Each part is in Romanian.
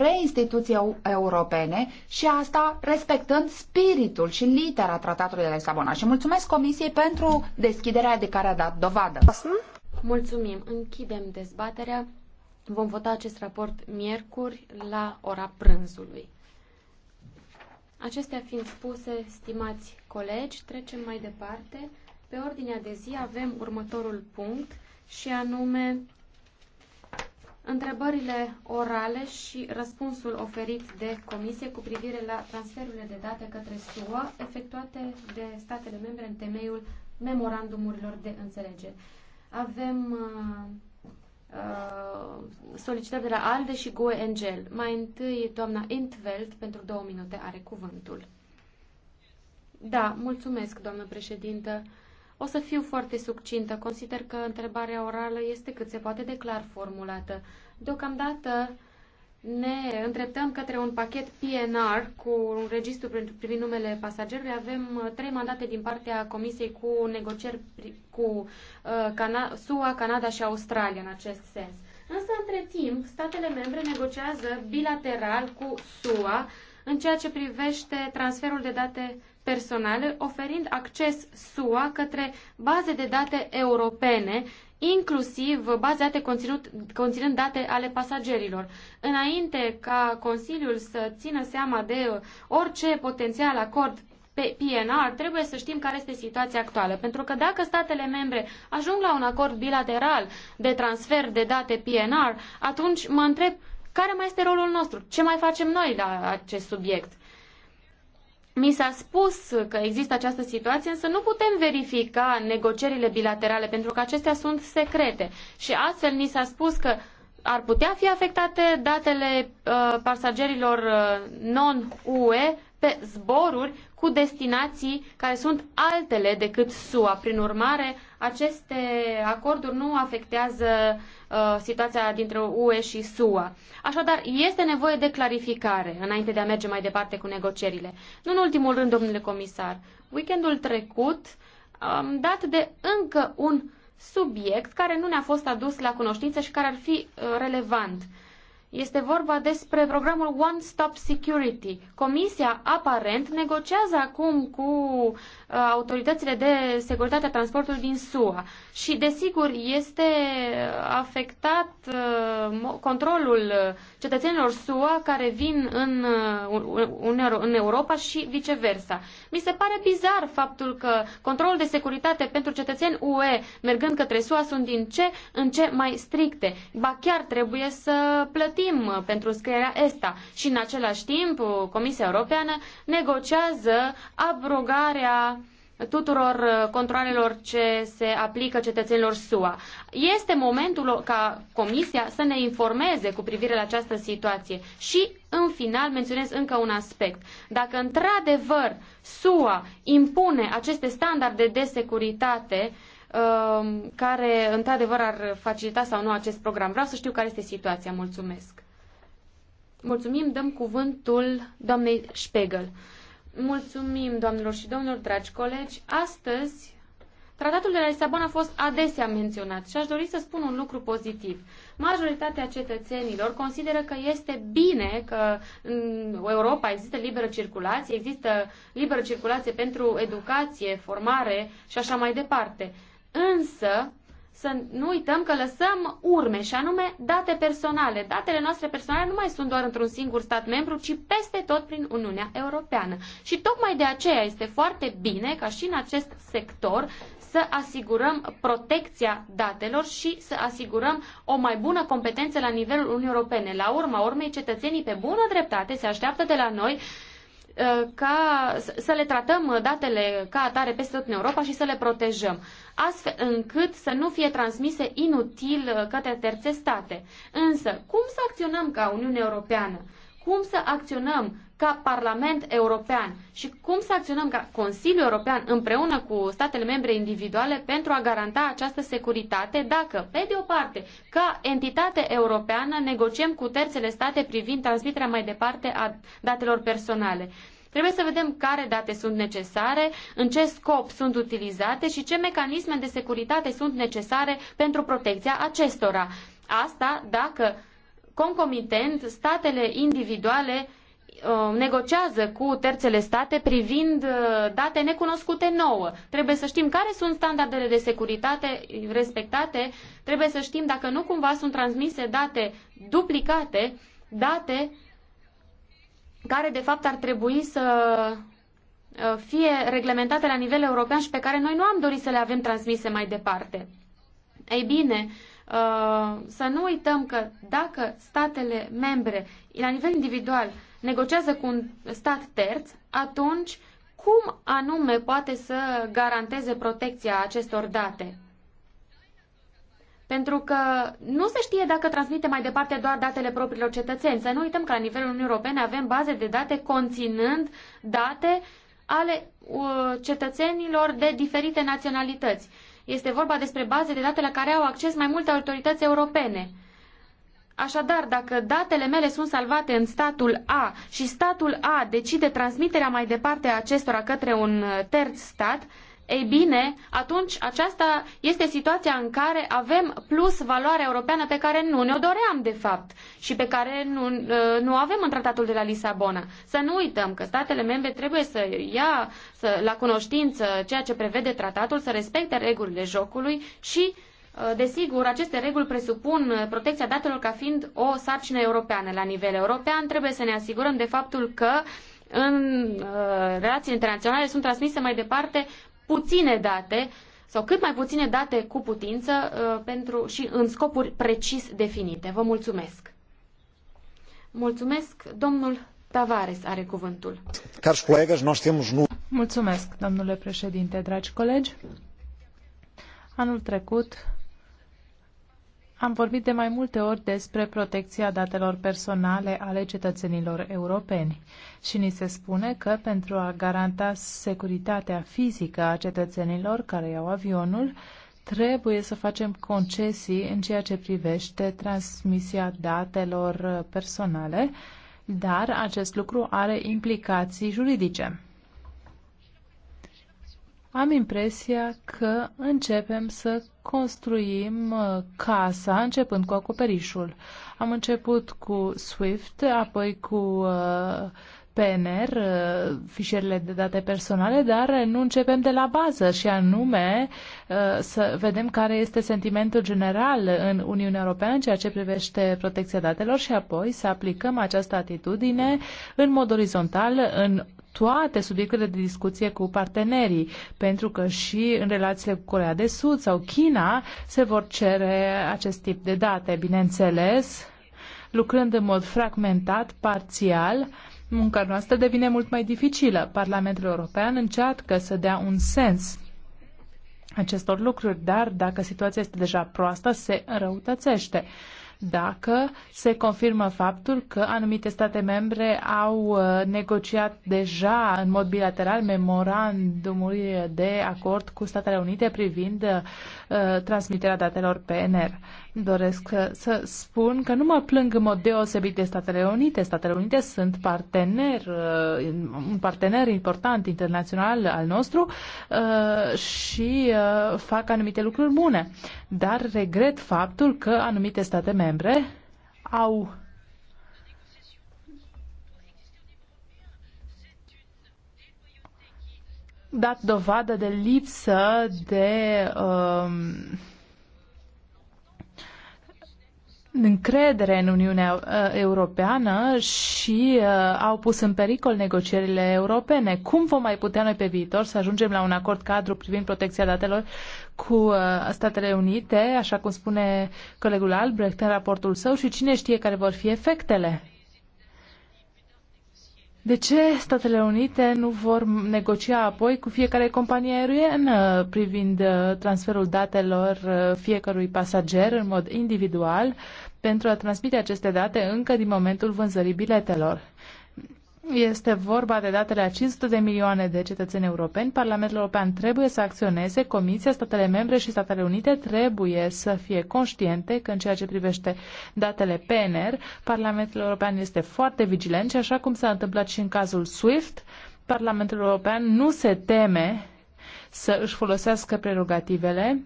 trei instituții europene și asta respectând spiritul și litera Tratatului de la Lisabona. Și mulțumesc Comisiei pentru deschiderea de care a dat dovadă. Mulțumim. Închidem dezbaterea. Vom vota acest raport miercuri la ora prânzului. Acestea fiind spuse, stimați colegi, trecem mai departe. Pe ordinea de zi avem următorul punct și anume întrebările orale și răspunsul oferit de comisie cu privire la transferurile de date către SUA efectuate de statele membre în temeiul memorandumurilor de înțelegere. Avem uh, uh, solicitări de la ALDE și GUE Angel. Mai întâi, doamna Intveld, pentru două minute, are cuvântul. Da, mulțumesc, doamnă președintă. Uh, o să fiu foarte succintă. Consider că întrebarea orală este cât se poate de clar formulată. Deocamdată ne îndreptăm către un pachet PNR cu un registru privind numele pasagerului. Avem uh, trei mandate din partea Comisiei cu negocieri cu SUA, uh, Canada și Australia în acest sens. Însă, între timp, statele membre negociază bilateral cu SUA în ceea ce privește transferul de date personale, oferind acces SUA către baze de date europene, inclusiv baze date conținut, conținând date ale pasagerilor. Înainte ca Consiliul să țină seama de orice potențial acord pe PNR, trebuie să știm care este situația actuală. Pentru că dacă statele membre ajung la un acord bilateral de transfer de date PNR, atunci mă întreb care mai este rolul nostru? Ce mai facem noi la acest subiect? Mi s-a spus că există această situație, însă nu putem verifica negocierile bilaterale pentru că acestea sunt secrete. Și astfel ni s-a spus că ar putea fi afectate datele uh, pasagerilor uh, non-UE pe zboruri cu destinații care sunt altele decât SUA. Prin urmare, aceste acorduri nu afectează uh, situația dintre UE și SUA. Așadar, este nevoie de clarificare înainte de a merge mai departe cu negocierile. Nu în ultimul rând, domnule comisar, weekendul trecut am dat de încă un subiect care nu ne-a fost adus la cunoștință și care ar fi uh, relevant. Este vorba despre programul One Stop Security. Comisia, aparent, negociază acum cu uh, autoritățile de securitate a transportului din SUA și, desigur, este afectat uh, controlul cetățenilor SUA care vin în, uh, în Europa și viceversa. Mi se pare bizar faptul că controlul de securitate pentru cetățeni UE mergând către SUA sunt din ce în ce mai stricte. Ba chiar trebuie să plătim pregătim uh, pentru scrierea ESTA și în același timp uh, Comisia Europeană negociază abrogarea tuturor uh, controlelor ce se aplică cetățenilor SUA. Este momentul ca Comisia să ne informeze cu privire la această situație și, în final, menționez încă un aspect. Dacă, într-adevăr, SUA impune aceste standarde de securitate uh, Um, care într-adevăr ar facilita sau nu acest program. Vreau să știu care este situația. Mulțumesc. Mulțumim, dăm cuvântul doamnei Spegel. Mulțumim, doamnelor și domnilor, dragi colegi. Astăzi, tratatul de la Lisabona a fost adesea menționat și aș dori să spun un lucru pozitiv. Majoritatea cetățenilor consideră că este bine că în Europa există liberă circulație, există liberă circulație pentru educație, formare și așa mai departe însă să nu uităm că lăsăm urme și anume date personale. Datele noastre personale nu mai sunt doar într-un singur stat membru, ci peste tot prin Uniunea Europeană. Și tocmai de aceea este foarte bine ca și în acest sector să asigurăm protecția datelor și să asigurăm o mai bună competență la nivelul Uniunii Europene. La urma urmei, cetățenii pe bună dreptate se așteaptă de la noi Uh, ca să le tratăm uh, datele ca atare peste tot în Europa și să le protejăm, astfel încât să nu fie transmise inutil uh, către terțe state. Însă, cum să acționăm ca Uniune Europeană? Cum să acționăm ca Parlament European și cum să acționăm ca Consiliul European împreună cu statele membre individuale pentru a garanta această securitate dacă, pe de o parte, ca entitate europeană negociem cu terțele state privind transmiterea mai departe a datelor personale. Trebuie să vedem care date sunt necesare, în ce scop sunt utilizate și ce mecanisme de securitate sunt necesare pentru protecția acestora. Asta dacă, concomitent, statele individuale Uh, negociază cu terțele state privind uh, date necunoscute nouă. Trebuie să știm care sunt standardele de securitate respectate, trebuie să știm dacă nu cumva sunt transmise date duplicate, date care de fapt ar trebui să uh, fie reglementate la nivel european și pe care noi nu am dorit să le avem transmise mai departe. Ei bine, să nu uităm că dacă statele membre, la nivel individual, negociază cu un stat terț, atunci cum anume poate să garanteze protecția acestor date? Pentru că nu se știe dacă transmite mai departe doar datele propriilor cetățeni. Să nu uităm că la nivelul Uniunii Europene avem baze de date conținând date ale uh, cetățenilor de diferite naționalități. Este vorba despre baze de date la care au acces mai multe autorități europene. Așadar, dacă datele mele sunt salvate în statul A și statul A decide transmiterea mai departe a acestora către un uh, terț stat, ei bine, atunci aceasta este situația în care avem plus valoarea europeană pe care nu ne-o doream, de fapt, și pe care nu, uh, nu avem în tratatul de la Lisabona. Să nu uităm că statele membre trebuie să ia să, la cunoștință ceea ce prevede tratatul, să respecte regulile jocului și Uh, desigur, aceste reguli presupun uh, protecția datelor ca fiind o sarcină europeană. La nivel european trebuie să ne asigurăm de faptul că în uh, relații internaționale sunt transmise mai departe puține date sau cât mai puține date cu putință pentru, și în scopuri precis definite. Vă mulțumesc! Mulțumesc, domnul Tavares are cuvântul. Cari colegi, noi temos nu... Mulțumesc, domnule președinte, dragi colegi. Anul trecut am vorbit de mai multe ori despre protecția datelor personale ale cetățenilor europeni și ni se spune că pentru a garanta securitatea fizică a cetățenilor care iau avionul, trebuie să facem concesii în ceea ce privește transmisia datelor personale, dar acest lucru are implicații juridice am impresia că începem să construim uh, casa începând cu acoperișul. Am început cu SWIFT, apoi cu uh, PNR, uh, fișierele de date personale, dar nu începem de la bază și anume să vedem care este sentimentul general în Uniunea Europeană în ceea ce privește protecția datelor și apoi să aplicăm această atitudine în mod orizontal în toate subiectele de discuție cu partenerii, pentru că și în relațiile cu Corea de Sud sau China se vor cere acest tip de date, bineînțeles, lucrând în mod fragmentat, parțial, munca noastră devine mult mai dificilă. Parlamentul European încearcă să dea un sens acestor lucruri, dar dacă situația este deja proastă, se înrăutățește dacă se confirmă faptul că anumite state membre au uh, negociat deja în mod bilateral memorandumul de acord cu Statele Unite privind uh, transmiterea datelor PNR doresc să spun că nu mă plâng în mod deosebit de Statele Unite. Statele Unite sunt partener, uh, un partener important internațional al nostru uh, și uh, fac anumite lucruri bune. Dar regret faptul că anumite state membre au dat dovadă de lipsă de um, încredere în Uniunea uh, Europeană și uh, au pus în pericol negocierile europene. Cum vom mai putea noi pe viitor să ajungem la un acord cadru privind protecția datelor cu uh, Statele Unite, așa cum spune colegul Albrecht în raportul său și cine știe care vor fi efectele? De ce Statele Unite nu vor negocia apoi cu fiecare companie aeriană uh, privind uh, transferul datelor uh, fiecărui pasager în mod individual pentru a transmite aceste date încă din momentul vânzării biletelor? Este vorba de datele a 500 de milioane de cetățeni europeni. Parlamentul European trebuie să acționeze, Comisia, statele membre și Statele Unite trebuie să fie conștiente că în ceea ce privește datele PNR, Parlamentul European este foarte vigilent și așa cum s-a întâmplat și în cazul SWIFT, Parlamentul European nu se teme să își folosească prerogativele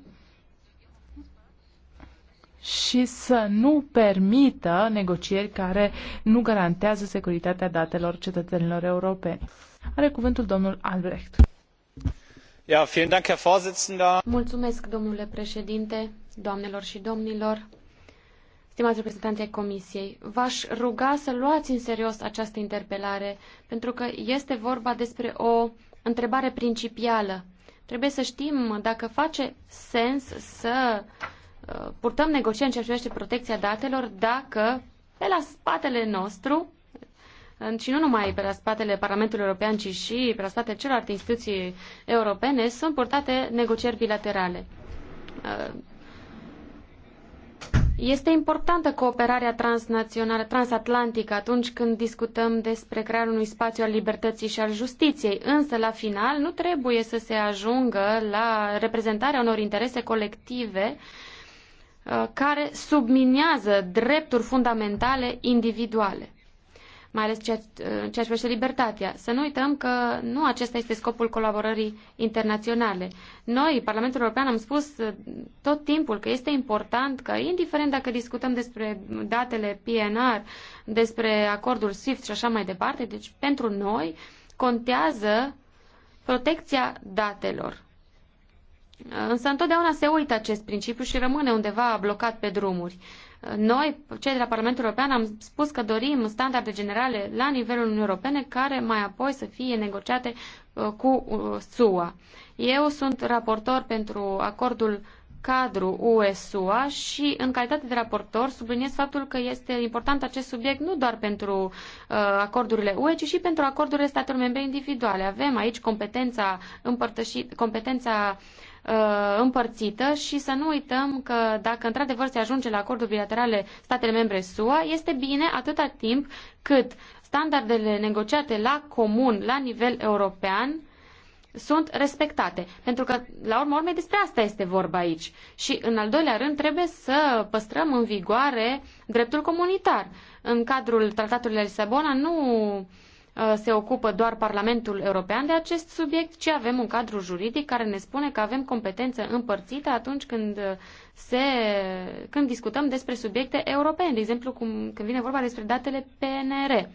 și să nu permită negocieri care nu garantează securitatea datelor cetățenilor europeni. Are cuvântul domnul Albrecht. Ja, vielen Dank, Herr Vorsitzender. Mulțumesc, domnule președinte, doamnelor și domnilor. Stimați reprezentanți ai Comisiei, v-aș ruga să luați în serios această interpelare, pentru că este vorba despre o întrebare principială. Trebuie să știm dacă face sens să Uh, purtăm negocieri în ceea ce privește protecția datelor dacă pe la spatele nostru și nu numai pe la spatele Parlamentului European, ci și pe la spatele celorlalte instituții europene, sunt purtate negocieri bilaterale. Uh, este importantă cooperarea transnațională, transatlantică atunci când discutăm despre crearea unui spațiu al libertății și al justiției, însă la final nu trebuie să se ajungă la reprezentarea unor interese colective uh, Uh, care subminează drepturi fundamentale individuale, mai ales ceea, uh, ceea ce privește libertatea. Să nu uităm că nu acesta este scopul colaborării internaționale. Noi, Parlamentul European, am spus uh, tot timpul că este important că, indiferent dacă discutăm despre datele PNR, despre acordul SWIFT și așa mai departe, deci pentru noi contează protecția datelor Însă întotdeauna se uită acest principiu și rămâne undeva blocat pe drumuri. Noi, cei de la Parlamentul European, am spus că dorim standarde generale la nivelul Uniunii Europene care mai apoi să fie negociate uh, cu uh, SUA. Eu sunt raportor pentru acordul cadru UE-SUA și în calitate de raportor subliniez faptul că este important acest subiect nu doar pentru uh, acordurile UE, ci și pentru acordurile statelor membre individuale. Avem aici competența, împărtăși, competența Uh, împărțită și să nu uităm că dacă într-adevăr se ajunge la acorduri bilaterale statele membre SUA, este bine atâta timp cât standardele negociate la comun, la nivel european, sunt respectate. Pentru că, la urmă urmei, despre asta este vorba aici. Și, în al doilea rând, trebuie să păstrăm în vigoare dreptul comunitar. În cadrul tratatului de Lisabona nu Uh, se ocupă doar Parlamentul European de acest subiect, ci avem un cadru juridic care ne spune că avem competență împărțită atunci când, uh, se, când discutăm despre subiecte europene, de exemplu cum, când vine vorba despre datele PNR.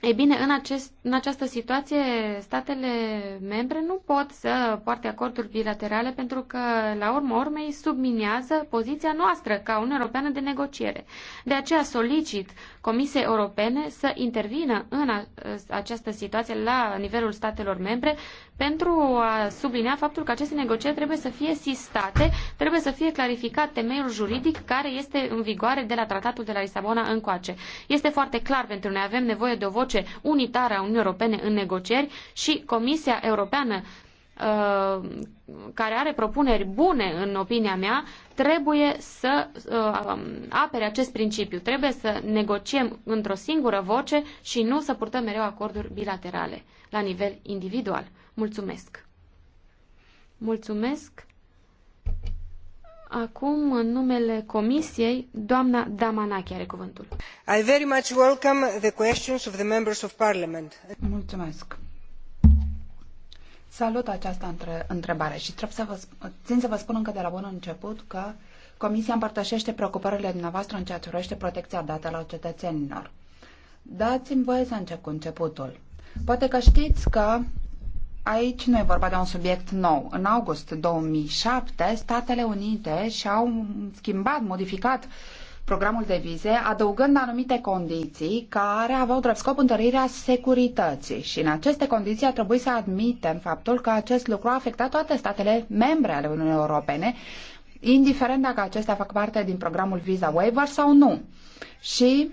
E bine, în, acest, în această situație, statele membre nu pot să poarte acorduri bilaterale pentru că, la urma urmei, subminează poziția noastră ca Uniunea Europeană de negociere. De aceea solicit Comisiei Europene să intervină în această situație la nivelul statelor membre pentru a sublinia faptul că aceste negocieri trebuie să fie sistate, trebuie să fie clarificat temeiul juridic care este în vigoare de la Tratatul de la Lisabona încoace. Este foarte clar pentru noi, avem nevoie de o voce unitară a Uniunii Europene în negocieri și Comisia Europeană Uh, care are propuneri bune, în opinia mea, trebuie să uh, um, apere acest principiu. Trebuie să negociem într-o singură voce și nu să purtăm mereu acorduri bilaterale, la nivel individual. Mulțumesc! Mulțumesc! Acum, în numele Comisiei, doamna Damanache are cuvântul. I very much welcome the questions of the members of Parliament. Mulțumesc! Salut această între, întrebare și trebuie să vă, țin să vă spun încă de la bun început că Comisia împărtășește preocupările dumneavoastră în ceea ce urăște protecția datelor cetățenilor. Dați-mi voie să încep cu începutul. Poate că știți că aici nu e vorba de un subiect nou. În august 2007, Statele Unite și-au schimbat, modificat uh, programul de vize, adăugând anumite condiții care aveau drept scop întărirea securității. Și în aceste condiții a trebuit să admitem faptul că acest lucru a afectat toate statele membre ale Uniunii Europene, indiferent dacă acestea fac parte din programul Visa Waiver sau nu. Și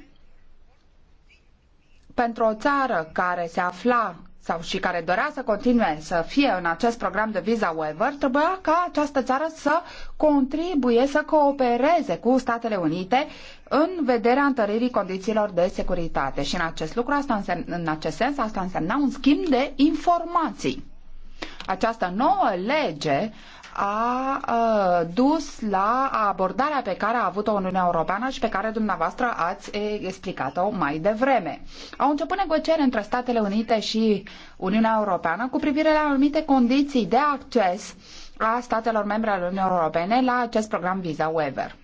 pentru o țară care se afla sau și care dorea să continue să fie în acest program de visa waiver, trebuia ca această țară să contribuie, să coopereze cu Statele Unite în vederea întăririi condițiilor de securitate. Și în acest lucru, asta în acest sens, asta însemna un schimb de informații. Această nouă lege a dus la abordarea pe care a avut-o Uniunea Europeană și pe care dumneavoastră ați explicat-o mai devreme. Au început negocieri între Statele Unite și Uniunea Europeană cu privire la anumite condiții de acces a statelor membre ale Uniunii Europene la acest program Visa Waiver.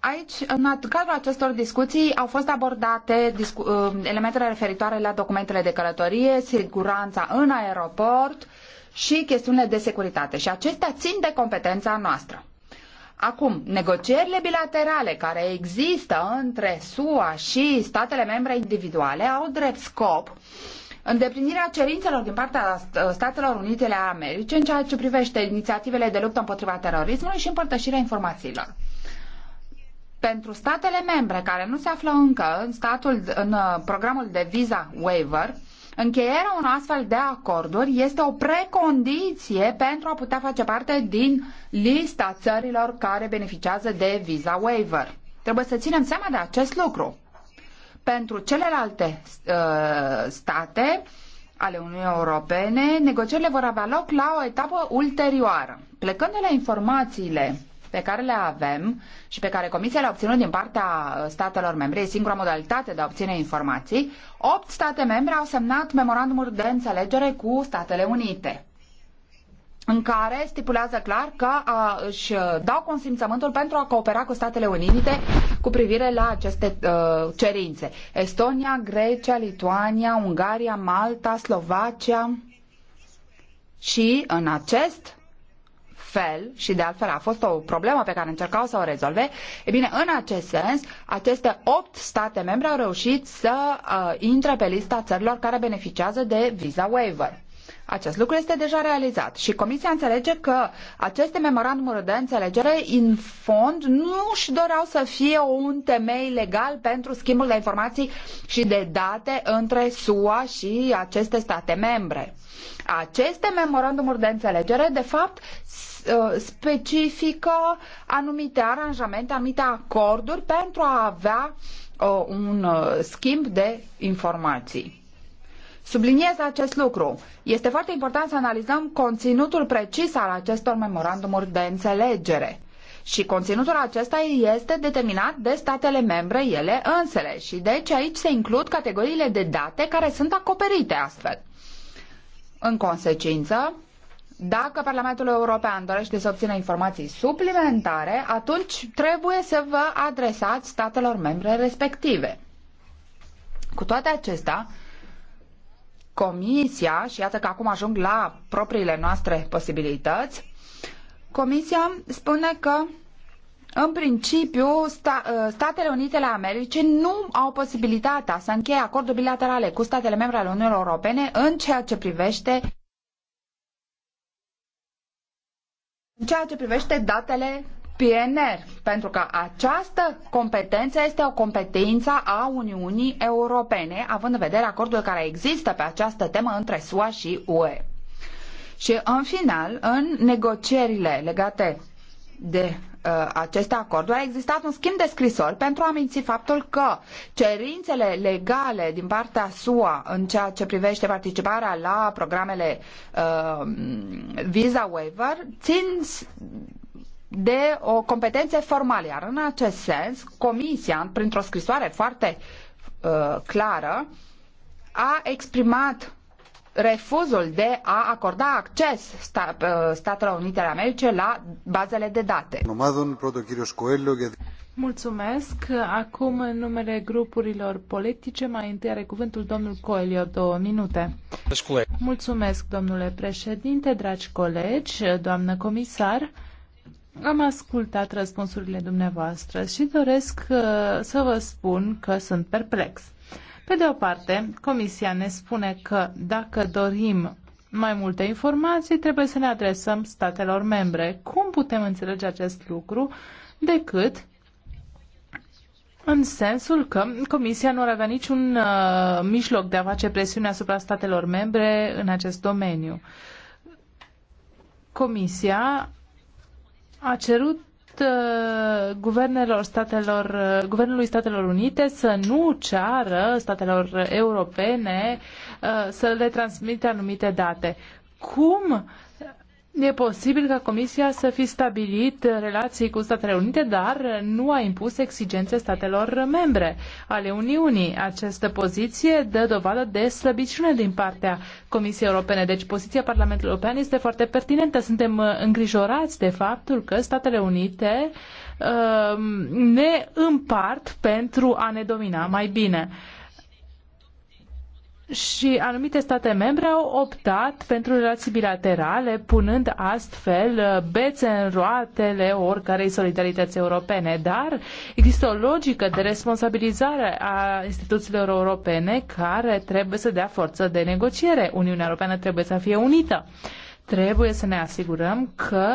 Aici, în cadrul acestor discuții, au fost abordate discu uh, elementele referitoare la documentele de călătorie, siguranța în aeroport și chestiunile de securitate. Și acestea țin de competența noastră. Acum, negocierile bilaterale care există între SUA și statele membre individuale au drept scop îndeplinirea cerințelor din partea uh, Statelor Unite ale Americii în ceea ce privește inițiativele de luptă împotriva terorismului și împărtășirea informațiilor pentru statele membre care nu se află încă în, statul, în uh, programul de visa waiver, încheierea unui astfel de acorduri este o precondiție pentru a putea face parte din lista țărilor care beneficiază de visa waiver. Trebuie să ținem seama de acest lucru. Pentru celelalte uh, state ale Uniunii Europene, negocierile vor avea loc la o etapă ulterioară. Plecând de la informațiile pe care le avem și pe care Comisia le-a obținut din partea uh, statelor membre, e singura modalitate de a obține informații, opt state membre au semnat memorandumul de înțelegere cu Statele Unite în care stipulează clar că a, uh, își uh, dau consimțământul pentru a coopera cu Statele Unite cu privire la aceste uh, cerințe. Estonia, Grecia, Lituania, Ungaria, Malta, Slovacia și în acest fel, și de altfel a fost o problemă pe care încercau să o rezolve, e bine, în acest sens, aceste opt state membre au reușit să uh, intre pe lista țărilor care beneficiază de visa waiver. Acest lucru este deja realizat și Comisia înțelege că aceste memorandumuri de înțelegere, în fond, nu își doreau să fie un temei legal pentru schimbul de informații și de date între SUA și aceste state membre. Aceste memorandumuri de înțelegere, de fapt, Uh, specifică anumite aranjamente, anumite acorduri pentru a avea uh, un uh, schimb de informații. Subliniez acest lucru. Este foarte important să analizăm conținutul precis al acestor memorandumuri de înțelegere. Și conținutul acesta este determinat de statele membre ele însele și deci aici se includ categoriile de date care sunt acoperite astfel. În consecință, dacă Parlamentul European dorește să obțină informații suplimentare, atunci trebuie să vă adresați statelor membre respective. Cu toate acestea, Comisia, și iată că acum ajung la propriile noastre posibilități, Comisia spune că în principiu, sta, ă, Statele Unite ale Americii nu au posibilitatea să încheie acorduri bilaterale cu statele membre ale Uniunii Europene în ceea ce privește în ceea ce privește datele PNR, pentru că această competență este o competență a Uniunii Europene, având în vedere acordul care există pe această temă între SUA și UE. Și în final, în negocierile legate de Uh, aceste acorduri a existat un schimb de scrisori pentru a minți faptul că cerințele legale din partea SUA în ceea ce privește participarea la programele uh, Visa Waiver țin de o competență formală. Iar în acest sens, Comisia, printr-o scrisoare foarte uh, clară, a exprimat refuzul de a acorda acces sta, uh, Statelor Unite ale Americii la bazele de date. Mulțumesc. Acum, în numele grupurilor politice, mai întâi are cuvântul domnul Coelho, două minute. Mulțumesc, domnule președinte, dragi colegi, doamnă comisar. Am ascultat răspunsurile dumneavoastră și doresc uh, să vă spun că sunt perplex. Pe de o parte, Comisia ne spune că dacă dorim mai multe informații, trebuie să ne adresăm statelor membre. Cum putem înțelege acest lucru decât în sensul că Comisia nu ar avea niciun uh, mijloc de a face presiune asupra statelor membre în acest domeniu. Comisia a cerut Uh, guvernelor statelor, uh, Guvernului Statelor Unite să nu ceară statelor europene uh, să le transmită anumite date. Cum E posibil ca Comisia să fi stabilit relații cu Statele Unite, dar nu a impus exigențe statelor membre ale Uniunii. Această poziție dă dovadă de slăbiciune din partea Comisiei Europene. Deci poziția Parlamentului European este foarte pertinentă. Suntem uh, îngrijorați de faptul că Statele Unite uh, ne împart pentru a ne domina mai bine și anumite state membre au optat pentru relații bilaterale, punând astfel uh, bețe în roatele oricărei solidarități europene. Dar există o logică de responsabilizare a instituțiilor europene care trebuie să dea forță de negociere. Uniunea Europeană trebuie să fie unită trebuie să ne asigurăm că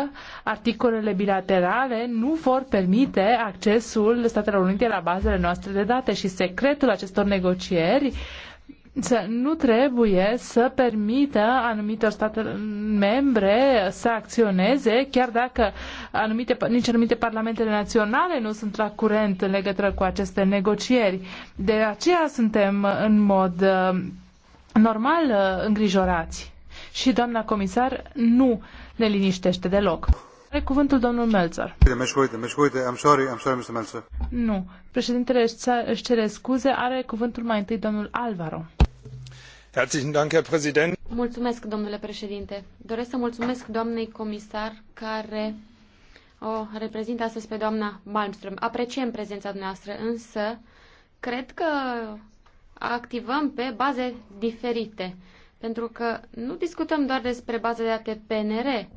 articolele bilaterale nu vor permite accesul Statelor Unite la bazele noastre de date și secretul acestor negocieri să nu trebuie să permită anumitor state membre să acționeze, chiar dacă anumite, nici anumite parlamentele naționale nu sunt la curent în legătură cu aceste negocieri. De aceea suntem în mod uh, normal uh, îngrijorați. Și doamna comisar nu ne liniștește deloc. Are cuvântul domnul Melzer. Nu. Președintele își cere scuze. Are cuvântul mai întâi domnul Alvaro. Mulțumesc, domnule președinte. Doresc să mulțumesc doamnei comisar care o reprezintă astăzi pe doamna malmstrm. Apreciem prezența dumneavoastră însă cred că activăm pe baze diferite, pentru că nu discutăm doar despre baze de date PNR.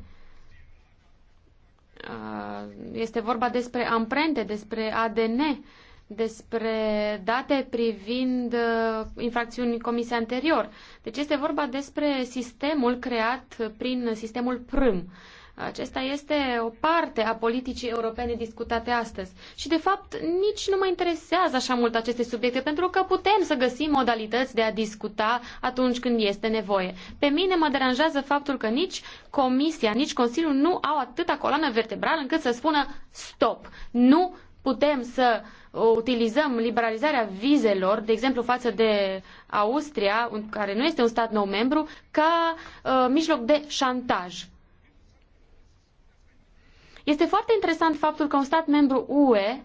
Este vorba despre amprente, despre ADN, despre date privind uh, infracțiuni comise anterior. Deci este vorba despre sistemul creat prin sistemul PRM. Acesta este o parte a politicii europene discutate astăzi. Și, de fapt, nici nu mă interesează așa mult aceste subiecte, pentru că putem să găsim modalități de a discuta atunci când este nevoie. Pe mine mă deranjează faptul că nici Comisia, nici Consiliul nu au atâta coloană vertebrală încât să spună stop. Nu putem să uh, utilizăm liberalizarea vizelor, de exemplu față de Austria, care nu este un stat nou membru, ca uh, mijloc de șantaj. Este foarte interesant faptul că un stat membru UE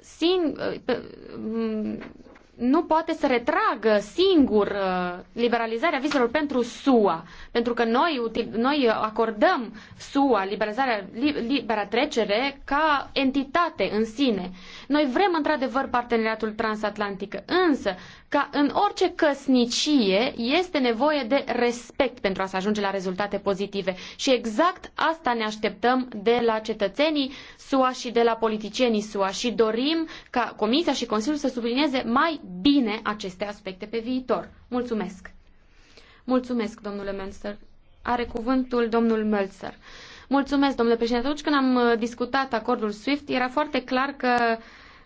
sing- ă, nu poate să retragă singur uh, liberalizarea vizelor pentru SUA, pentru că noi, noi acordăm SUA liberalizarea, libera trecere ca entitate în sine. Noi vrem într-adevăr parteneriatul transatlantic, însă ca în orice căsnicie este nevoie de respect pentru a se ajunge la rezultate pozitive. Și exact asta ne așteptăm de la cetățenii SUA și de la politicienii SUA și dorim ca Comisia și Consiliul să sublinieze mai bine aceste aspecte pe viitor. Mulțumesc! Mulțumesc, domnule Mölzer. Are cuvântul domnul Meltzer. Mulțumesc, domnule președinte. Atunci când am uh, discutat acordul SWIFT, era foarte clar că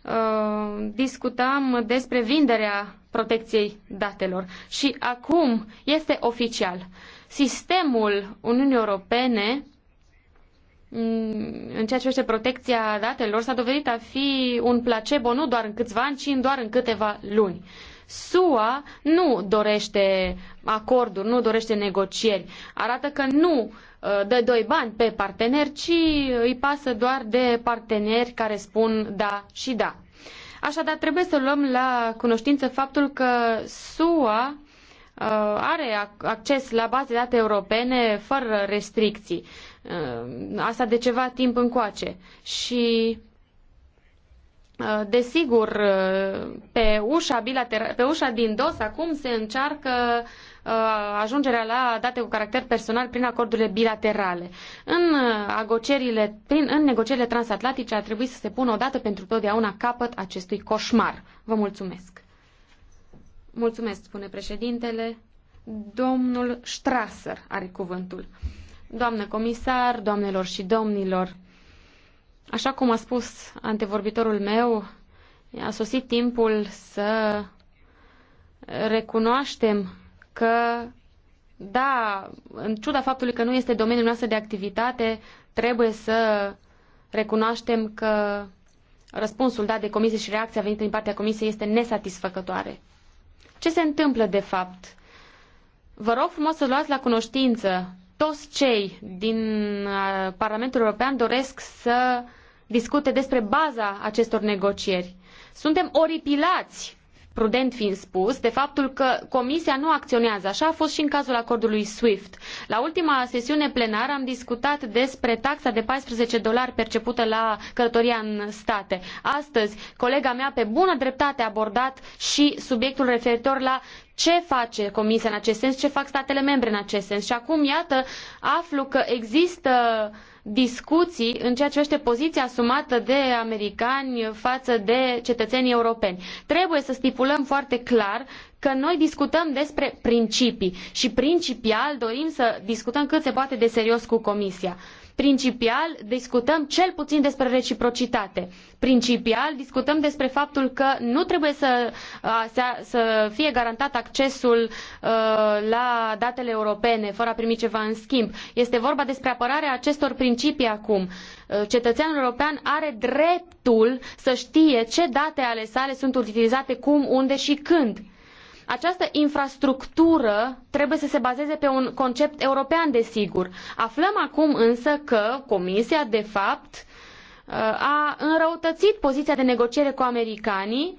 uh, discutam despre vinderea protecției datelor. Și acum este oficial. Sistemul Uniunii Europene mm, în ceea ce privește protecția datelor s-a dovedit a fi un placebo nu doar în câțiva ani, ci doar în câteva luni. SUA nu dorește acorduri, nu dorește negocieri. Arată că nu uh, dă doi bani pe parteneri, ci îi pasă doar de parteneri care spun da și da. Așadar, trebuie să luăm la cunoștință faptul că SUA uh, are acces la baze de date europene fără restricții. Uh, asta de ceva timp încoace. Și uh, Desigur, pe ușa, bilater- pe ușa din dos acum se încearcă Uh, ajungerea la date cu caracter personal prin acordurile bilaterale. În, uh, agocerile, prin, în negocierile transatlantice ar trebui să se pună odată pentru totdeauna capăt acestui coșmar. Vă mulțumesc. Mulțumesc, spune președintele. Domnul Strasser are cuvântul. Doamnă comisar, doamnelor și domnilor, așa cum a spus antevorbitorul meu, a sosit timpul să recunoaștem că, da, în ciuda faptului că nu este domeniul nostru de activitate, trebuie să recunoaștem că răspunsul dat de comisie și reacția venită din partea comisiei este nesatisfăcătoare. Ce se întâmplă de fapt? Vă rog frumos să luați la cunoștință toți cei din uh, Parlamentul European doresc să discute despre baza acestor negocieri. Suntem oripilați prudent fiind spus, de faptul că Comisia nu acționează. Așa a fost și în cazul acordului SWIFT. La ultima sesiune plenară am discutat despre taxa de 14 dolari percepută la călătoria în state. Astăzi, colega mea pe bună dreptate a abordat și subiectul referitor la ce face Comisia în acest sens, ce fac statele membre în acest sens. Și acum, iată, aflu că există discuții în ceea ce este poziția asumată de americani față de cetățenii europeni. Trebuie să stipulăm foarte clar că noi discutăm despre principii și principial dorim să discutăm cât se poate de serios cu Comisia. Principial discutăm cel puțin despre reciprocitate. Principial discutăm despre faptul că nu trebuie să, să fie garantat accesul ă, la datele europene fără a primi ceva în schimb. Este vorba despre apărarea acestor principii acum. Ă, cetățeanul european are dreptul să știe ce date ale sale sunt utilizate, cum, unde și când. Această infrastructură trebuie să se bazeze pe un concept european, desigur. Aflăm acum însă că Comisia, de fapt, uh, a înrăutățit poziția de negociere cu americanii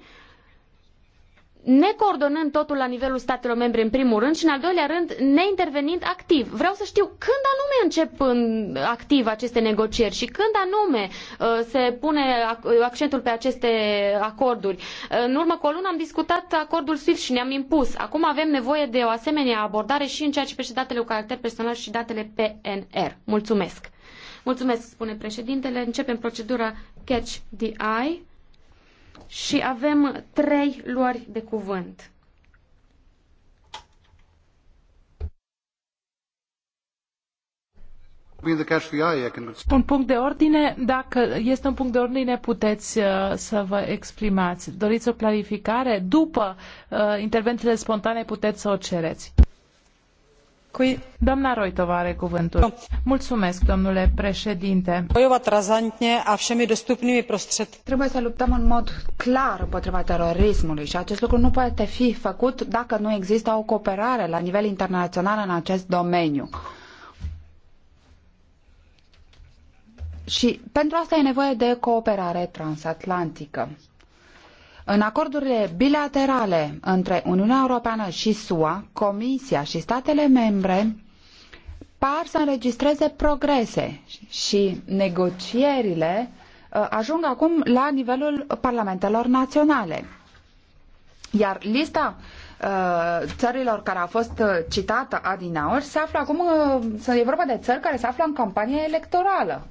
ne coordonând totul la nivelul statelor membre în primul rând și în al doilea rând ne intervenind activ. Vreau să știu când anume încep în activ aceste negocieri și când anume uh, se pune accentul pe aceste acorduri. Uh, în urmă cu o lună am discutat acordul SWIFT și ne-am impus. Acum avem nevoie de o asemenea abordare și în ceea ce privește datele cu caracter personal și datele PNR. Mulțumesc! Mulțumesc, spune președintele. Începem procedura Catch the Eye și avem trei luări de cuvânt. Un punct de ordine, dacă este un punct de ordine, puteți uh, să vă exprimați. Doriți o clarificare? După uh, intervențiile spontane puteți să o cereți. Cui... Doamna Roitova are cuvântul. Mulțumesc, domnule președinte. Trebuie să luptăm în mod clar împotriva terorismului și acest lucru nu poate fi făcut dacă nu există o cooperare la nivel internațional în acest domeniu. Și pentru asta e nevoie de cooperare transatlantică. În acordurile bilaterale între Uniunea Europeană și SUA, Comisia și statele membre par să înregistreze progrese și negocierile uh, ajung acum la nivelul parlamentelor naționale. Iar lista uh, țărilor care a fost uh, citată adinaori se află acum, e vorba de țări care se află în campanie electorală.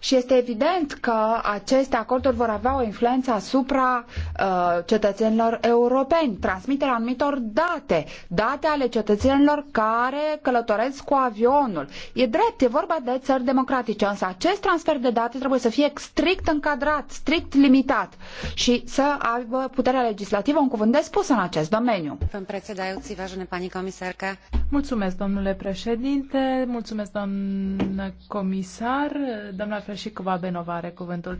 Și este evident că aceste acorduri vor avea o influență asupra uh, cetățenilor europeni, transmiterea anumitor date, date ale cetățenilor care călătoresc cu avionul. E drept, e vorba de țări democratice, însă acest transfer de date trebuie să fie strict încadrat, strict limitat și să aibă puterea legislativă un cuvânt de spus în acest domeniu. Mulțumesc, domnule președinte, mulțumesc, doamnă comisar, doamna fel și Cuba Benova are cuvântul.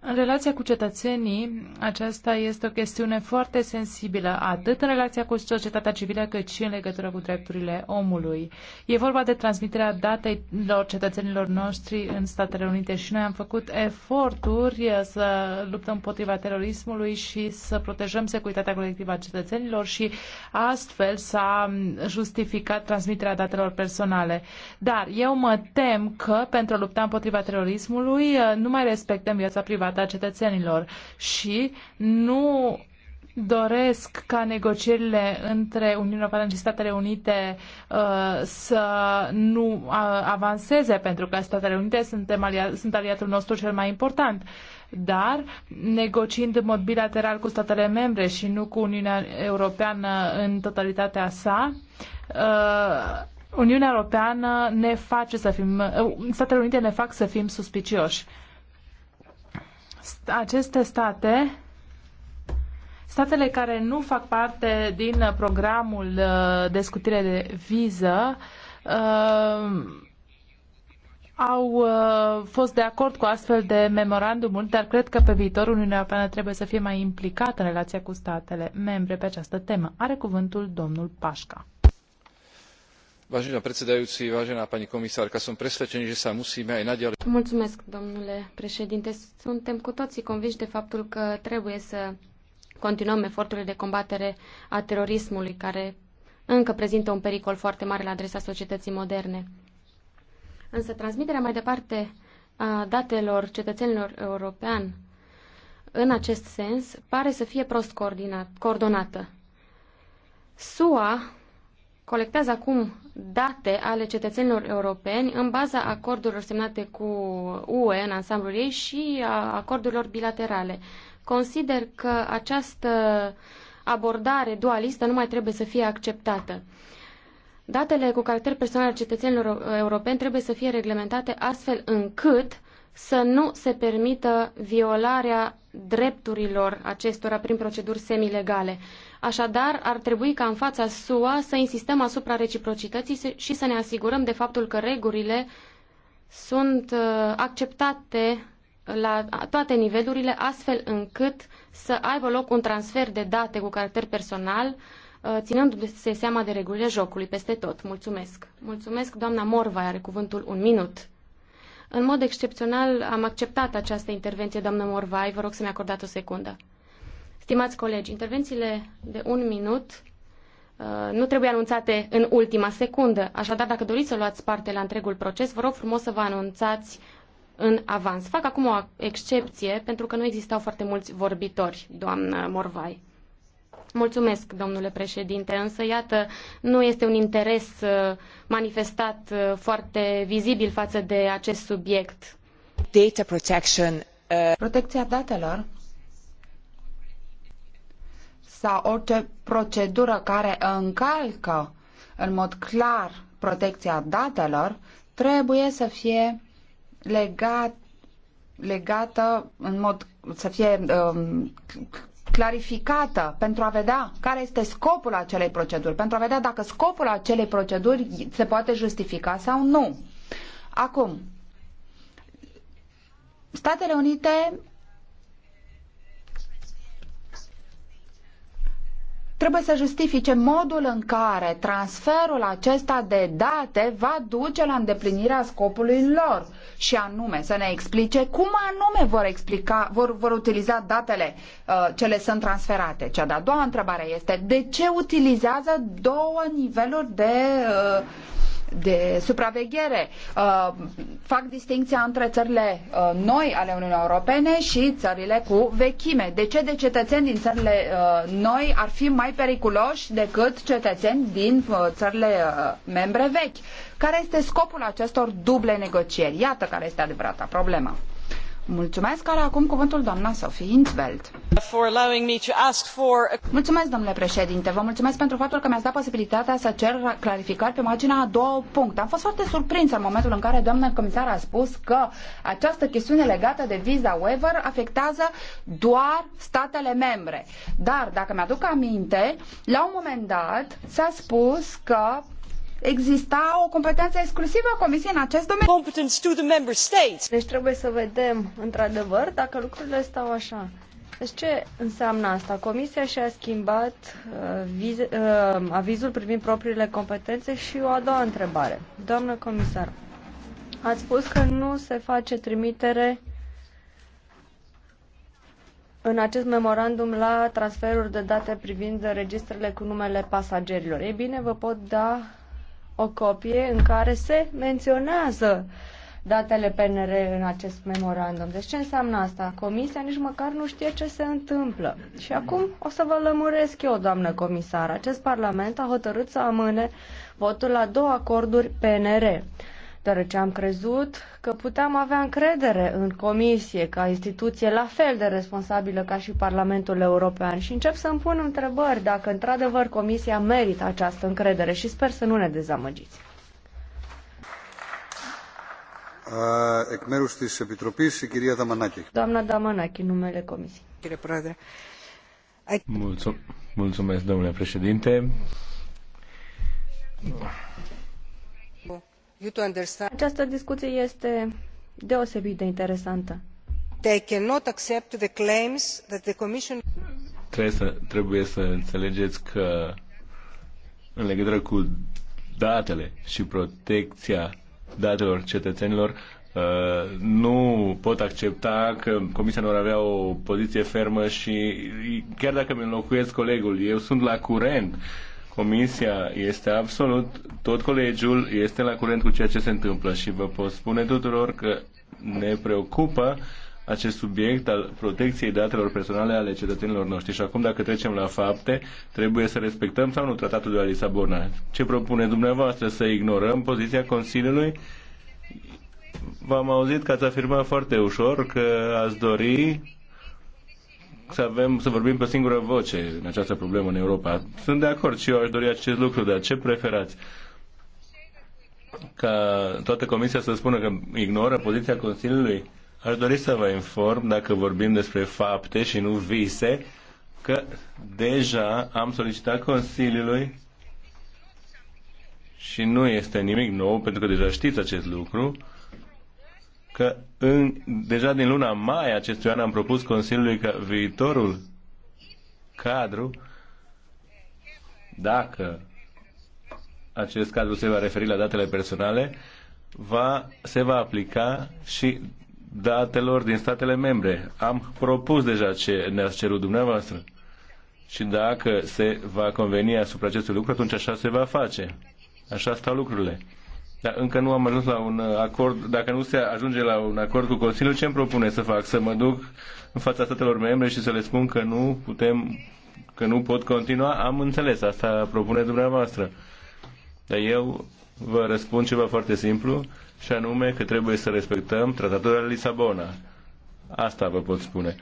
În relația cu cetățenii, aceasta este o chestiune foarte sensibilă, atât în relația cu societatea civilă, cât și în legătură cu drepturile omului. E vorba de transmiterea datelor cetățenilor noștri în Statele Unite și noi am făcut eforturi să luptăm împotriva terorismului și să protejăm securitatea colectivă a cetățenilor și astfel s-a justificat transmiterea datelor personale. Dar eu mă tem că pentru a lupta împotriva terorismului nu mai respectăm viața privată privată a cetățenilor și nu doresc ca negocierile între Uniunea Europeană și Statele Unite uh, să nu uh, avanseze, pentru că Statele Unite sunt, alia- sunt aliatul nostru cel mai important. Dar, negociind în mod bilateral cu statele membre și nu cu Uniunea Europeană în totalitatea sa, uh, Uniunea Europeană ne face să fim, uh, Statele Unite ne fac să fim suspicioși aceste state, statele care nu fac parte din programul uh, de scutire de viză, uh, au uh, fost de acord cu astfel de memorandumuri, dar cred că pe viitor Uniunea Europeană trebuie să fie mai implicată în relația cu statele membre pe această temă. Are cuvântul domnul Pașca som presvedčený že sa musíme aj naďalej. suntem cu toții convinși de faptul că trebuie să continuăm eforturile de combatere a terorismului care încă prezintă un pericol foarte mare la adresa societății moderne. Însă transmiterea mai departe a datelor cetățenilor european în acest sens pare să fie prost coordonată. SUA colectează acum date ale cetățenilor europeni în baza acordurilor semnate cu UE în ansamblul ei și a acordurilor bilaterale. Consider că această abordare dualistă nu mai trebuie să fie acceptată. Datele cu caracter personal al cetățenilor europeni trebuie să fie reglementate astfel încât să nu se permită violarea drepturilor acestora prin proceduri semilegale. legale Așadar, ar trebui ca în fața SUA să insistăm asupra reciprocității și să ne asigurăm de faptul că regulile sunt uh, acceptate la toate nivelurile, astfel încât să aibă loc un transfer de date cu caracter personal, uh, ținându-se seama de regulile jocului peste tot. Mulțumesc. Mulțumesc, doamna Morva are cuvântul un minut. În mod excepțional am acceptat această intervenție, doamnă Morvai, vă rog să-mi acordați o secundă. Stimați colegi, intervențiile de un minut uh, nu trebuie anunțate în ultima secundă. Așadar, dacă doriți să luați parte la întregul proces, vă rog frumos să vă anunțați în avans. Fac acum o excepție, pentru că nu existau foarte mulți vorbitori, doamnă Morvai. Mulțumesc, domnule președinte, însă iată, nu este un interes uh, manifestat uh, foarte vizibil față de acest subiect. Data protection, uh... Protecția datelor sau orice procedură care încalcă în mod clar protecția datelor trebuie să fie legat, legată în mod să fie um, clarificată pentru a vedea care este scopul acelei proceduri, pentru a vedea dacă scopul acelei proceduri se poate justifica sau nu. Acum, Statele Unite trebuie să justifice modul în care transferul acesta de date va duce la îndeplinirea scopului lor și anume să ne explice cum anume vor, explica, vor, vor utiliza datele uh, ce le sunt transferate. Cea de-a doua întrebare este de ce utilizează două niveluri de uh, de supraveghere. Uh, fac distinția între țările uh, noi ale Uniunii Europene și țările cu vechime. De ce de cetățeni din țările uh, noi ar fi mai periculoși decât cetățeni din țările membre vechi? Care este scopul acestor duble negocieri? Iată care este adevărata problema. Mulțumesc, care acum cuvântul doamna Sophie Intveld. Mulțumesc, domnule președinte. Vă mulțumesc pentru faptul că mi-ați dat posibilitatea să cer clarificări pe marginea a două puncte. Am fost foarte surprinsă în momentul în care doamna comisar a spus că această chestiune legată de visa waiver afectează doar statele membre. Dar, dacă mi-aduc aminte, la un moment dat s-a spus că exista o competență exclusivă a Comisiei în acest domeniu. Deci trebuie să vedem, într-adevăr, dacă lucrurile stau așa. Deci ce înseamnă asta? Comisia și-a schimbat uh, uh, avizul privind propriile competențe și o a doua întrebare. Doamnă comisar, ați spus că nu se face trimitere în acest memorandum la transferuri de date privind registrele cu numele pasagerilor. Ei bine, vă pot da o copie în care se menționează datele PNR în acest memorandum. Deci ce înseamnă asta? Comisia nici măcar nu știe ce se întâmplă. Și acum o să vă lămuresc eu, doamnă comisar. Acest parlament a hotărât să amâne votul la două acorduri PNR deoarece am crezut că puteam avea încredere în Comisie ca instituție la fel de responsabilă ca și Parlamentul European și încep să îmi pun întrebări dacă într-adevăr Comisia merită această încredere și sper să nu ne dezamăgiți. Εκ μέρους Doamna Damanachi, numele Comisiei. Mulțumesc, domnule președinte. Această discuție este deosebit de interesantă. They cannot accept the claims that the Commission... Trebuie să, trebuie să înțelegeți că în legătură cu datele și protecția datelor cetățenilor, uh, nu pot accepta că Comisia nu ar avea o poziție fermă și chiar dacă mi înlocuiesc colegul, eu sunt la curent Comisia este absolut, tot colegiul este la curent cu ceea ce se întâmplă și vă pot spune tuturor că ne preocupă acest subiect al protecției datelor personale ale cetățenilor noștri. Și acum, dacă trecem la fapte, trebuie să respectăm sau nu tratatul de la Lisabona. Ce propune dumneavoastră? Să ignorăm poziția Consiliului? V-am auzit că ați afirmat foarte ușor că ați dori să, avem, să vorbim pe singură voce în această problemă în Europa. Sunt de acord și eu aș dori acest lucru, dar ce preferați? Ca toată Comisia să spună că ignoră poziția Consiliului? Aș dori să vă inform, dacă vorbim despre fapte și nu vise, că deja am solicitat Consiliului și nu este nimic nou, pentru că deja știți acest lucru, că în, deja din luna mai acestui an am propus Consiliului că viitorul cadru, dacă acest cadru se va referi la datele personale, va, se va aplica și datelor din statele membre. Am propus deja ce ne-ați cerut dumneavoastră. Și dacă se va conveni asupra acestui lucru, atunci așa se va face. Așa stau lucrurile. Dar încă nu am ajuns la un uh, acord. Dacă nu se ajunge la un acord cu Consiliul, ce îmi propune să fac? Să mă duc în fața statelor membre și să le spun că nu putem, că nu pot continua? Am înțeles, asta propune dumneavoastră. Dar eu vă răspund ceva foarte simplu și anume că trebuie să respectăm tratatul de Lisabona. Asta vă pot spune.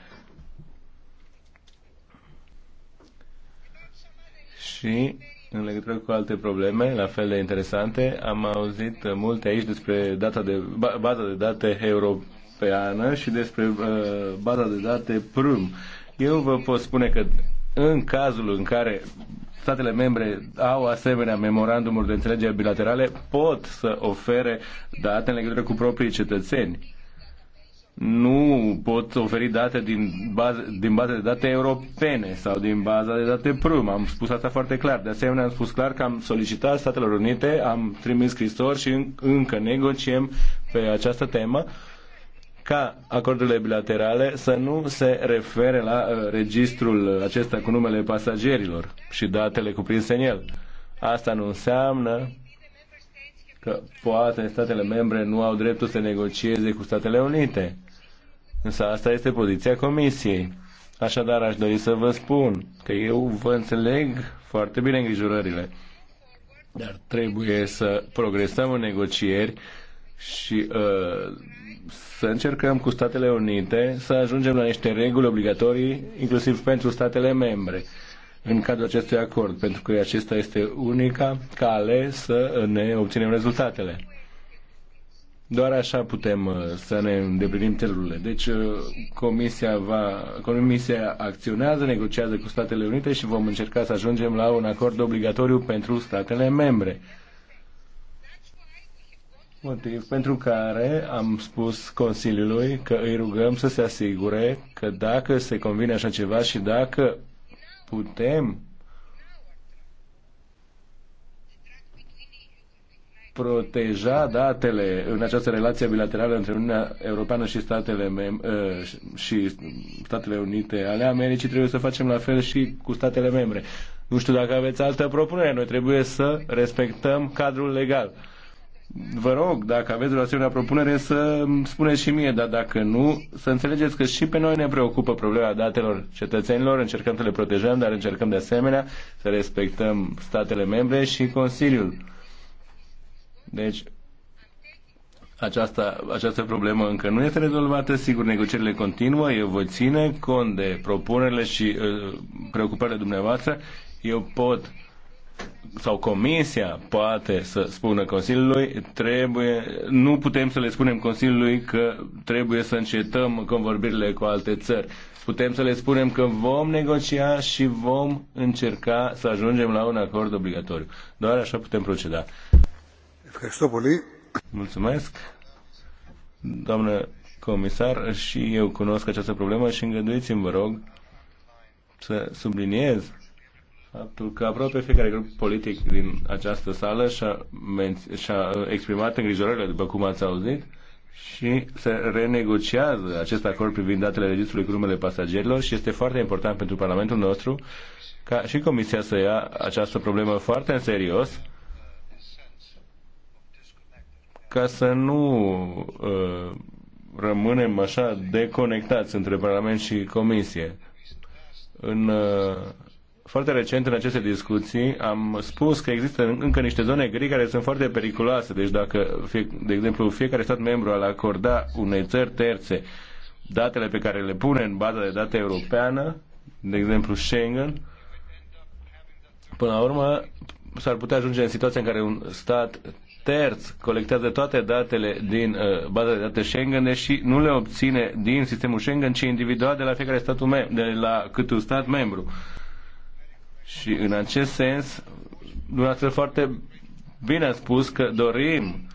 Și în legătură cu alte probleme, la fel de interesante. Am auzit multe aici despre data de, baza de date europeană și despre uh, baza de date PRUM. Eu vă pot spune că în cazul în care statele membre au asemenea memorandumuri de înțelegere bilaterale, pot să ofere date în legătură cu proprii cetățeni nu pot oferi date din, bază, din baza de date europene sau din baza de date PRUM. Am spus asta foarte clar. De asemenea, am spus clar că am solicitat Statelor Unite, am trimis scrisori și încă negociem pe această temă ca acordurile bilaterale să nu se refere la uh, registrul acesta cu numele pasagerilor și datele cuprinse în el. Asta nu înseamnă că poate statele membre nu au dreptul să negocieze cu Statele Unite. Însă asta este poziția Comisiei. Așadar, aș dori să vă spun că eu vă înțeleg foarte bine îngrijorările, dar trebuie să progresăm în negocieri și uh, să încercăm cu Statele Unite să ajungem la niște reguli obligatorii, inclusiv pentru statele membre, în cadrul acestui acord, pentru că acesta este unica cale să ne obținem rezultatele. Doar așa putem uh, să ne îndeplinim telurile. Deci uh, comisia, va, comisia acționează, negociază cu Statele Unite și vom încerca să ajungem la un acord obligatoriu pentru statele membre. Motiv pentru care am spus Consiliului că îi rugăm să se asigure că dacă se convine așa ceva și dacă putem proteja datele în această relație bilaterală între Uniunea Europeană și Statele, mem- ă, și Statele Unite ale Americii, trebuie să facem la fel și cu statele membre. Nu știu dacă aveți altă propunere, noi trebuie să respectăm cadrul legal. Vă rog, dacă aveți o asemenea propunere, să spuneți și mie, dar dacă nu, să înțelegeți că și pe noi ne preocupă problema datelor cetățenilor, încercăm să le protejăm, dar încercăm de asemenea să respectăm statele membre și Consiliul deci, aceasta, această problemă încă nu este rezolvată, sigur, negocierile continuă, eu voi ține cont de propunerile și uh, preocupările dumneavoastră, eu pot sau comisia poate să spună Consiliului, trebuie, nu putem să le spunem Consiliului că trebuie să încetăm convorbirile cu alte țări. Putem să le spunem că vom negocia și vom încerca să ajungem la un acord obligatoriu. Doar așa putem proceda. Mulțumesc. Doamnă comisar, și eu cunosc această problemă și îngăduiți-mi, vă rog, să subliniez faptul că aproape fiecare grup politic din această sală și-a, și-a uh, exprimat îngrijorările, după cum ați auzit, și se renegociază acest acord privind datele registrului cu numele pasagerilor și este foarte important pentru Parlamentul nostru ca și Comisia să ia această problemă foarte în serios ca să nu uh, rămânem așa deconectați între Parlament și Comisie. În, uh, foarte recent în aceste discuții am spus că există încă niște zone gri care sunt foarte periculoase. Deci dacă, fie, de exemplu, fiecare stat membru al acorda unei țări terțe datele pe care le pune în baza de date europeană, de exemplu Schengen, până la urmă s-ar putea ajunge în situația în care un stat terț colectează toate datele din uh, baza de date Schengen și nu le obține din sistemul Schengen, ci individual de la fiecare statul mem- de la câte un stat membru. Și în acest sens, dumneavoastră foarte bine a spus că dorim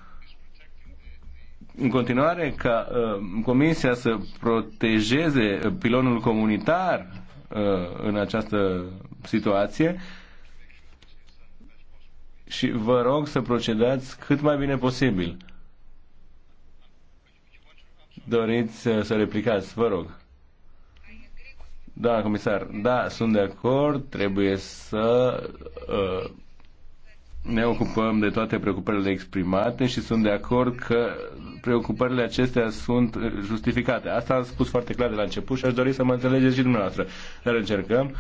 în continuare ca uh, Comisia să protejeze pilonul comunitar uh, în această situație și vă rog să procedați cât mai bine posibil. Doriți să replicați, vă rog. Da, comisar, da, sunt de acord, trebuie să uh, ne ocupăm de toate preocupările exprimate și sunt de acord că preocupările acestea sunt justificate. Asta am spus foarte clar de la început și aș dori să mă înțelegeți și dumneavoastră. Dar încercăm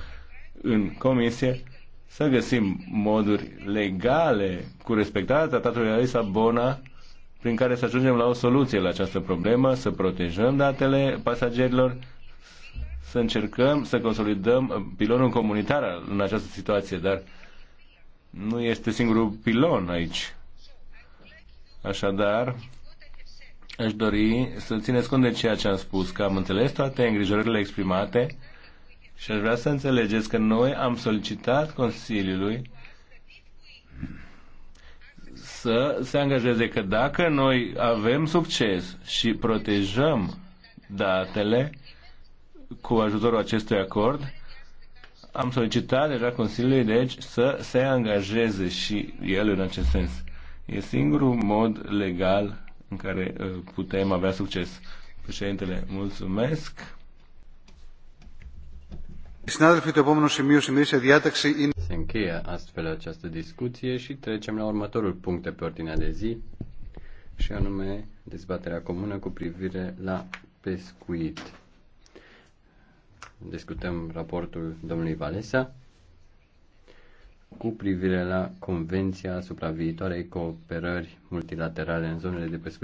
în comisie să găsim moduri legale cu respectarea tratatului de la Lisabona prin care să ajungem la o soluție la această problemă, să protejăm datele pasagerilor, să încercăm să consolidăm pilonul comunitar în această situație, dar nu este singurul pilon aici. Așadar, aș dori să țineți cont de ceea ce am spus, că am înțeles toate îngrijorările exprimate, și aș vrea să înțelegeți că noi am solicitat Consiliului să se angajeze că dacă noi avem succes și protejăm datele cu ajutorul acestui acord, am solicitat deja Consiliului, deci, să se angajeze și el în acest sens. E singurul mod legal în care uh, putem avea succes. Președintele, mulțumesc. Se încheie astfel această discuție și trecem la următorul punct pe ordinea de zi, și anume dezbaterea comună cu privire la pescuit. Discutăm raportul domnului Valesa cu privire la Convenția asupra viitoarei cooperări multilaterale în zonele de pescuit.